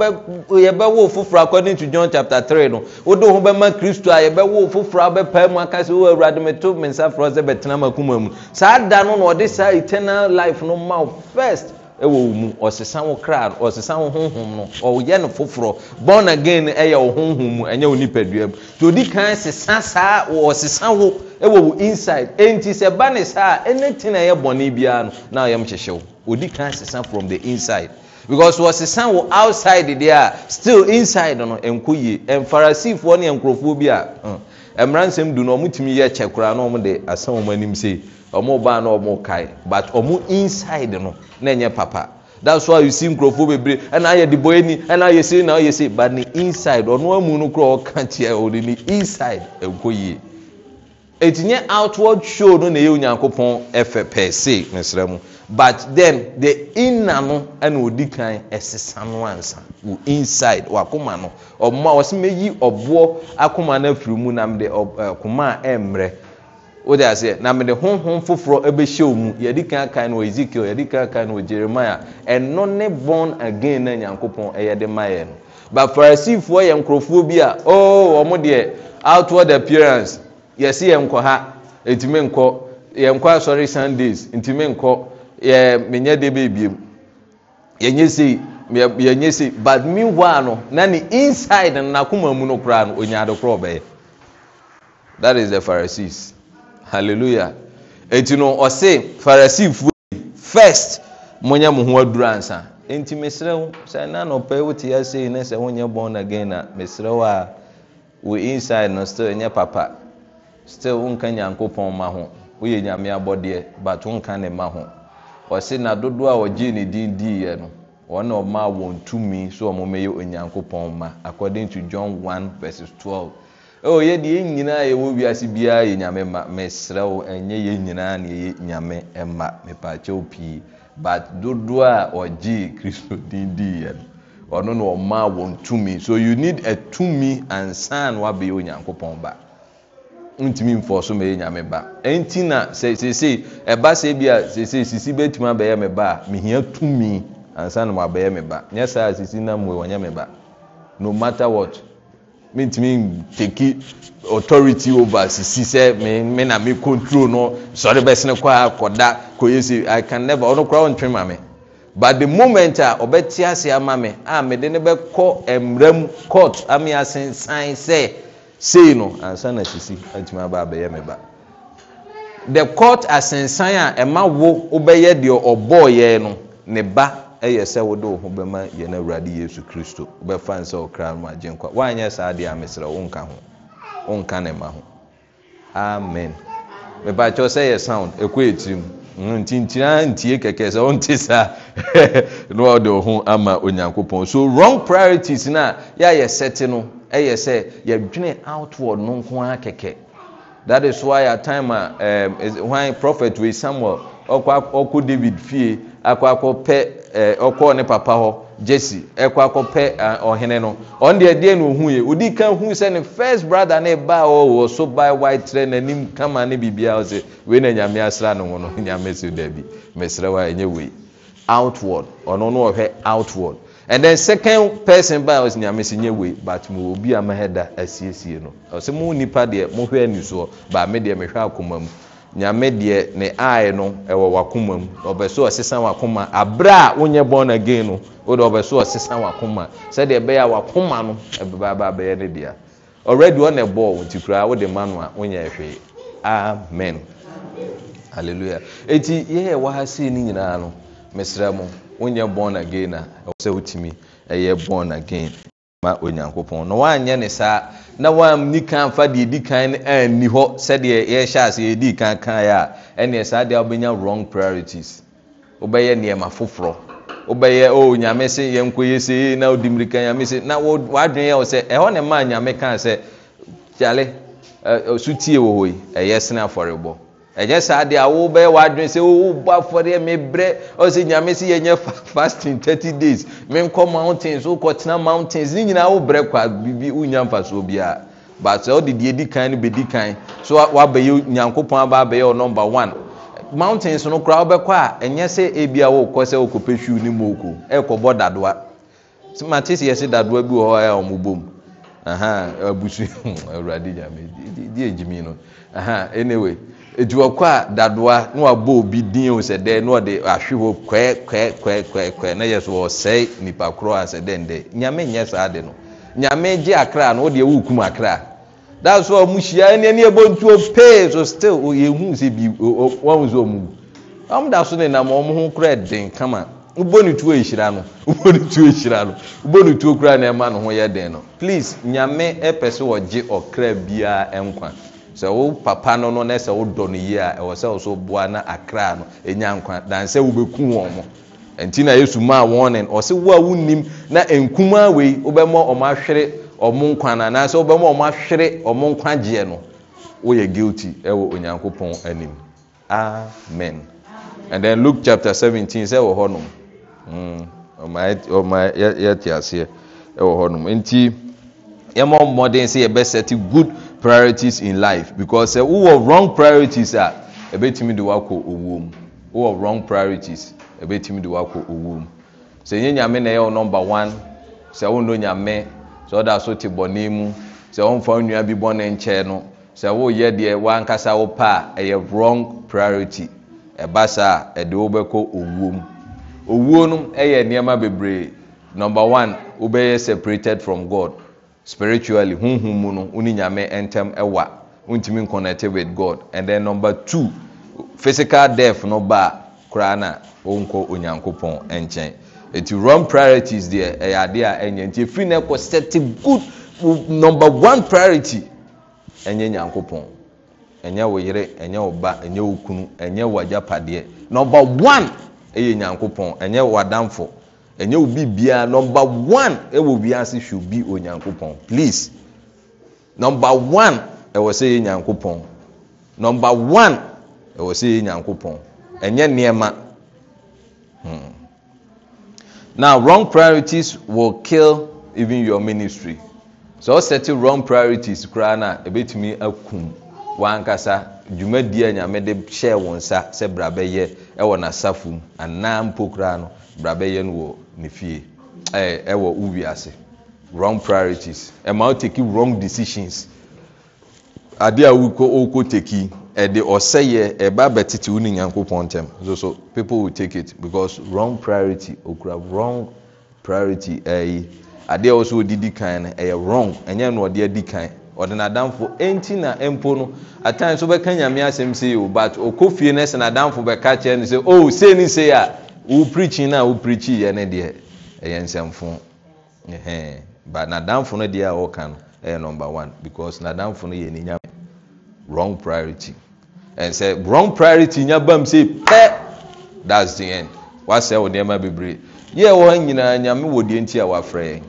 yɛbɛwoo foforɔ according to john chapter three. no wode wo ho bɛma kristo a yɛbɛwoo foforɔ a wobɛpae mu aka sɛ wo awurade meto me nsa frɛ sɛ bɛtena makoma mu saa da no na ɔde saa eternal life no ma wo first ɛwɔ wo mu ɔsesa wo kra ɔsesa wo honhom no ɔyɛ no foforɔ born again ɛyɛ wo honhom mu ɛnyɛ wo nipadua mu nti odi kan sesa saa ɔsesa wo ɛwɔ wo inside enti sɛ ba ne saa anything a ɛyɛ bɔne biara no na ɔyɛm hyehyɛ wo odi kan sesa from the inside because wɔsesa wo outside deɛ a still inside no nkɔ yie mfarisifoɔ ne nkurɔfoɔ bi a mmeransɛm du no ɔmotumi yɛ kyɛ koraa na ɔmde asa wɔn anim sei ɔmobaa na ɔmokae but ɔmo inside no na ɛnyɛ papa that's why you see nkurɔfoɔ bebree ɛna ayɛ de bɔyɛ ɛna ayɛ sei na ayɛ sei but ne inside ɔno amu no kora ɔka kyea ɔde ne inside nkɔ yie ɛtinyɛ outward show no na ɛyɛ onyankopɔn ɛfɛ pɛɛ sei mesrɛ mu but then the inna no ɛna ɔdi kan ɛsesa no ansa wò inside wò akoma no ɔmo a wɔsi meyi ɔboɔ akoma no afiri mu na mede ɔkoma a ɛmrɛ wòde aseɛ na mede honhom foforɔ ɛbɛhyɛ wɔn mu yɛdi kan kan no wɔ ezekiel yɛdi kan kan no wɔ jeremiah ɛno ne born again na nyankopɔn ɛyɛ de ma yɛ no but farisifoɔ yɛ nkurɔfoɔ bi a oh wɔn deɛ outward appearance yɛsi yɛn nkɔ ha etimi nkɔ yɛn nkɔ asɔre sundays ntumi nkɔ. menyɛ deɛ bɛɛbiem yɛnyɛ sei yɛnyɛ sei but meanwhile no na ne inside na n'akoma mu no koraa no onya ade korɔ ɔbɛyɛ that is the pharisees hallelujah eti no ɔse pharisee fo first monyɛ mo ho aduru ansa nti mesrɛ wo sɛ na nɔpɛ wote yɛ sei ne sɛ wonyɛ born again a mesrɛ wo a wo inside no still ɛnyɛ papa still wonka nyankopɔn ma ho woyɛ nyame abɔdeɛ but wonka ne ma ho ɔse na dodoɔ a ɔgyee ne din diiɛ no ɔne ɔmaa wɔn tumi sɛ ɔmomɛyɛ onyankopɔn ma according to john 1:12 yɛdeɛ yɛ nyinaa yɛwɔ wiase biara yɛ nyame ma mesrɛ wo ɛnyɛ yɛ nyinaa ne ɛyɛ nyame ma mepaakyɛwo pii but dodoɔ a ɔgyee kristo din diiɛ no ɔno ne ɔmaa wɔn tumi so you need a tumi ansa na wabɛyɛ onyankopɔn ba ntumi mfɔ so mɛyɛ nyame ba ɛnti na sɛsesei ɛba sɛ bi a sɛsei sisi bɛtumi abɛyɛ me ba a mehia tumi ansa na wabɛyɛ me ba nyɛ saa sisi na mu wɔnyɛ me ba no matter what me mentumi teki authority over sisi sɛ me me na me control no sɔre bɛsene kɔ a kɔda kɔyɛ si i can never ɔno koraa ɔntwe ma me but the moment a ɔbɛte ase ama me a mede ne bɛkɔ mmerɛ mu court ame asensan sɛ. sei no ansa na sisi atumi aba abɛyɛ me ba the court asensan a ɛma wo wobɛyɛ deɛ ɔbɔɔ yɛ no ne ba yɛ sɛ wode wo ho bɛma yɛn awurade yesu kristo wobɛfa n sɛ ɔkra no agyenkwa woanyɛ saa deɛ amesrɛ wonka ho wonka ne ma ho amen mepakyɛw sɛ yɛ sound ɛkɔ ɛtirim ntintina ntie kɛkɛ sɛ wonte saa na wɔde wo ho ama onyankopɔn so wrong priorities na a yɛayɛ sɛte no ɛyɛ sɛ yɛdwene outward no nko a kɛkɛ thatis wy atime a uh, um, prophet wei samuel ɔkɔ david fie akɔ uh, ɔkɔɔ ne papa hɔ jesse ɛkɔ akɔpɛ uh, ɔhene no ɔn deɛ deɛ ne ɔhuiɛ ɔdii ka sɛ ne first brother ne ɛbaa ɔwɔ so ba witrɛ noanim kama ne biribiaa o sɛ wei ne nyame asra no ho no nyame sɛ daabi mesrɛ w a ɛnyɛ wei outward ɔno no ɔhwɛ outward and then second person ba ɔsi nyame si nye wei but mo obi ama ha da asiesie no ɔsi mo nipa deɛ mo hwɛ ani soɔ baame deɛ me hwɛ akoma mu nyame deɛ ne eye no ɛwɔ wakoma mu ɔbɛ so ɔsesa wakoma abira a wonyɛ born again no o de ɔbɛ so ɔsesa wakoma sɛdeɛ ɛbɛyɛ a wakoma no ɛbɛba abɛyɛ ne deɛ already ɔna ɛbɔ wɔn ti kura o ma no a wonyɛ ɛhwɛ amen hallelujah eti yɛ ɛwɔ ha sei ne nyinaa no mesrɛ mo. wonyɛ born again a ɛwɔ sɛ wotumi ɛyɛ again ma onyankopɔn na woanyɛ ne saa na woanni kan fa deɛ ɛdi kan no hɔ sɛdeɛ yɛhyɛ ase yɛdii kan kaeɛ a ɛneɛ saa deɛ a wrong priorities wobɛyɛ nneɛma foforɔ wobɛyɛ o oh, nyame se yɛnkɔ yɛ sei na wodi mmirika nyame se na yɛ ɛhɔ ne nyame sɛ kyale ɛnyɛ saa deɛ a wobɛyɛ w'adwene sɛ wobɔ afɔdeɛ mebrɛ ɔsɛ nyame sɛ yɛnyɛ fasting thirty days menkɔ mountains wokɔtena mountains ne nyinaa wobrɛ kwa biribi wonya mfasoɔ biara but sɛ wode deɛ di kan no di kan so woabɛyɛ nyankopɔn aba abɛyɛ ɔ number one mountains no koraa wobɛkɔ a ɛnyɛ sɛ ebi a wokɔ sɛ wokɔpɛ hwiw ne mɔɔko ɛkɔbɔ dadoa mate sɛ yɛse dadoa bi wɔ hɔ a ɔmo bom abusu awurade nyame deɛ gyimi no anyway ɛti wɔkɔ a dadoa na wabɔ obi din o sɛ dɛn na ɔde ahwe hɔ kwɛɛɛɛɛ na yɛ so ɔsɛe nipa korɔ a sɛ dɛn dɛ nyame nyɛ saa de no nyame gye akra na no wodeɛ worekum akraa thats why ɔmo hyia nneɛma ɛbɔ ntuo pee so still yɛhu sɛ bi wɔn nso ɔmo ɔmo da so nenam ɔmo ho kora den kama wobɔ ne tuo ehyira no wobɔ ne tuo ehyira no wobɔ ne tuo kora na ɛma ne ho yɛ den no please nyame ɛpɛ sɛ ɔgye nkwa. sɛ wo papa no no na sɛ wodɔ no yie a ɛwɔ sɛ wo so boa na akraa no ɛnya nkwa dan sɛ wobɛku wɔn mo ɛnti na yesu maa wɔnen ɔse wo a wonim na nkuma awei wobɛma ɔmo ahwere ɔmo nkwa na anaasɛ wobɛma ɔmo ahwere ɔmo nkwagyeɛ no woyɛ guilty ɛwɔ onyankopɔn anim amen and then luke chapter seventeen sɛ wɔ hɔnom ɔmo hmm. ɔmo yɛte aseɛ ɛwɔ hɔnom nti yɛmɔ mmɔden sɛ yɛbɛsɛte good. priorities in life because eh, who wowɔ wrong priorities a ah, ɛbɛtumi de wakɔ owuo mu wowɔ wrong priorities ɛbɛtumi de wakɔ owuo mu sɛ nye nyame na ɛyɛ wɔ number one sɛ wonno nyame sɛ ɔda so te bɔne mu sɛ womfa nnua bi bɔne nkyɛn no sɛ woyɛ deɛ woankasa wo pɛ a ɛyɛ wrong priority ɛba e saa a e ɛde wobɛkɔ owuo mu owuo no e yɛ nnoɔma bebree number one wobɛyɛ separated from god spiritually honhum mu no wone nyame ntɛm ɛwa wontumi nconnected with god and then number two physical death no ba a koraa na wonkɔ onyankopɔn nkyɛn ɛnti wrong priorities deɛ ɛyɛ adeɛ a ɛnyɛ nti ɛfiri no ɛkɔ sɛte good number one priority ɛnyɛ nyankopɔn ɛnyɛ wo yere ɛnyɛ wo ba ɛnyɛ wo ɛnyɛ wo number one ɛyɛ nyankopɔn ɛnyɛ wo ɛnyɛ obi biara number one ɛwɔ e wiase should be onyankopɔn please number one ɛwɔ e sɛ yɛ nyankopɔn number one ɛwɔ e sɛ yɛ nyankopɔn ɛnyɛ nneɛma hmm. now wrong priorities will kill even your ministry so ɔsɛte wrong priorities koraa no a ɛbɛtumi akum wankasa dwumadie a nyame de hyɛɛ wɔn nsa sɛ brabɛyɛ ɛwɔ n'asafo mu anaa mpokura no brabɛyɛ no wɔ ne fie ɛɛ ɛwɔ uwi ase wrong priorities ɛma o take wrong decisions adeɛ a wokɔ okɔ teki ɛde ɔsɛyɛ ɛba abɛtete wo ne nyankopɔn ntɛm so so people will take it because wrong priority okura wrong priority ɛɛyi adeɛ a wɔsɔ didi kan no ɛyɛ wrong ɛnyɛ no ɔde adi kan ɔde n'adamfo enti na mpo no atan so bɛka nyame asɛm sei o but ɔkɔ fie no sɛ n'adamfo bɛka kyerɛ no sɛ o oh, sei ne sei a wo preaching no a wo preaching yɛ ne deɛ ɛyɛ nsɛmfo ɛhɛn but n'adamfo no deɛ a ɔka no ɛyɛ number one because n'adamfo no yɛ ne nyame wrong priority ɛnsɛ wrong priority nya bam sei pɛ that's the end wasɛ wɔ nneɛma bebree yɛ wɔn nyinaa nyame wɔ deɛ nti a wafrɛ yɛn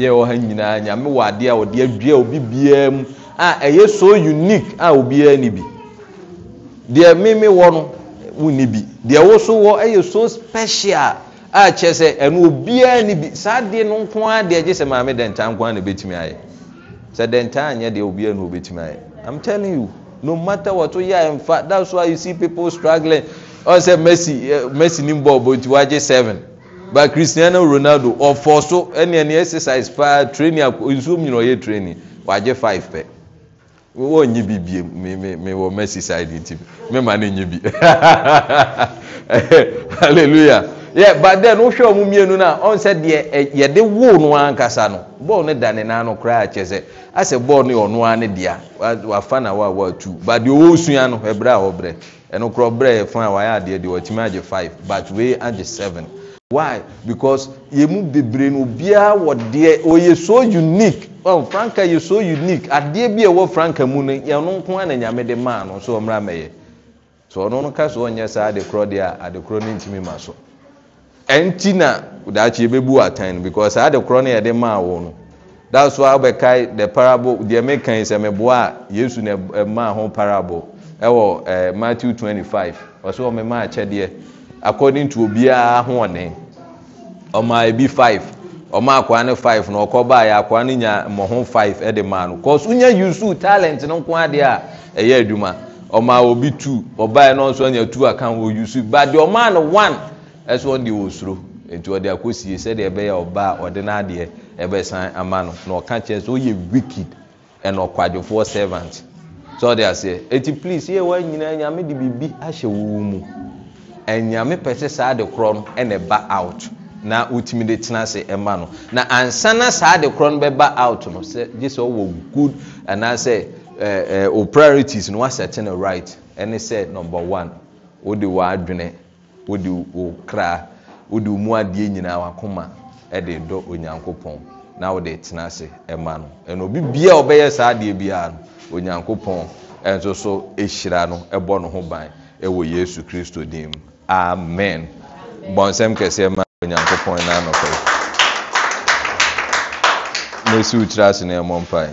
yɛwɔ ha nyinaa nyame wɔ adeɛ a wɔde adua obi biara mu a ɛyɛ so unique a obiara ni bi deɛ mimi wɔ no wonni bi deɛ wo so wɔ ɛyɛ so special a kyerɛ sɛ ɛno obiara ni bi saa adeɛ no nko ara deɛ gye sɛ maame dɛnta nko ara na ebɛtumi ayɛ sɛ dɛnta anyɛ deɛ obiara na obɛtumi ayɛ i'm telling you no matter what o yɛ ɛnfa that's why you see people struggling ɔn sɛ mercy eh, mercy ni bɔɔl bɔ nti wagye seven ba cristiano ronaldo ɔfɔ so ɛnea ne exercise paa training nsuom nyina ɔyɛ training wagye five pɛ wɔnyi bi bie me me me wɔ mercy side nti me ma ne nyi bi hallelujah yeah but then wohwɛ ɔmo mmienu na ɔn sɛ deɛ yɛde wo no ankasa no bɔɔl ne da ne nan no koraa kyɛ sɛ asɛ bɔɔl ne ɔno ara ne dea wafa na wa watu but deɛ ɔwɔ sua no ɛbrɛ a ɔbrɛ ɛno korɔ brɛ yɛ fun a wayɛ adeɛ deɛ ɔtumi agye five but wei agye seven why because yɛmu bebree no obiara wɔ deɛ Oye so unique Oh, franka yɛ so unique adeɛ bi a ɛwɔ franka mu no yɛn nko ara na nyame de maa no nso ɔmra ma yɛ so ɔno no ka so ɔnyɛ saa adekorɔ deɛ a adekorɔ no ntumi ma so ɛnti na daakye yɛbɛbu atan no because saa adekorɔ no yɛde maa wɔ no that's why abɛkae the parable deɛ meka yi sɛ meboa a yesu na ɛmaa ho parable ɛwɔ ɛɛ matthew twenty five ɔsɛ ɔmɛma akyɛdeɛ. according to obiara hoɔne ɔmaa ebi 5 ọma akwaa ne 5 na ọkọ yɛ akwaa ne nya mmɔho 5 e de maa no cause onye yusu talent no nko adeɛ a ɛyɛ e adwuma ɔmaa obi 2 ọba no nso 2 aka wɔ yusu but deɛ ɔmaa no 1 ɛso ɔn wɔ suro nti ɔde akɔsie sɛdeɛ ɛbɛyɛ e ɔba ɔde n'adeɛ ɛbɛsan ama no na ɔka ɔyɛ wicked ɛna ɔkwadwofoɔ servant sɛ ɔde aseɛ eti please yɛ wɔn nyinaa nyame de anyame pɛ sɛ saa ade korɔ no ɛne ba out na wotumi de tena ase ɛma no na ansa na saa ade korɔ no bɛba out no sɛ gye sɛ ɔwɔ good anaasɛ ɛɛ o priorities no wasɛte no right ɛne sɛ number one wode w'adwene wode wo kra wode wo mu adeɛ nyinaa wakoma ɛde dɔ onyankopɔn na wode tena ase ɛma no ɛna obi bia ɔbɛyɛ saa adeɛ biara no onyankopɔn ɛnso so ɛhyira no ɛbɔ ne ho ban. ɛwɔ yesu kristo dim amen bɔnsɛm kɛseɛ ma onyankopɔn naanɔpɛ mɛsi wo kyerɛ ase no ɛmmɔ mpae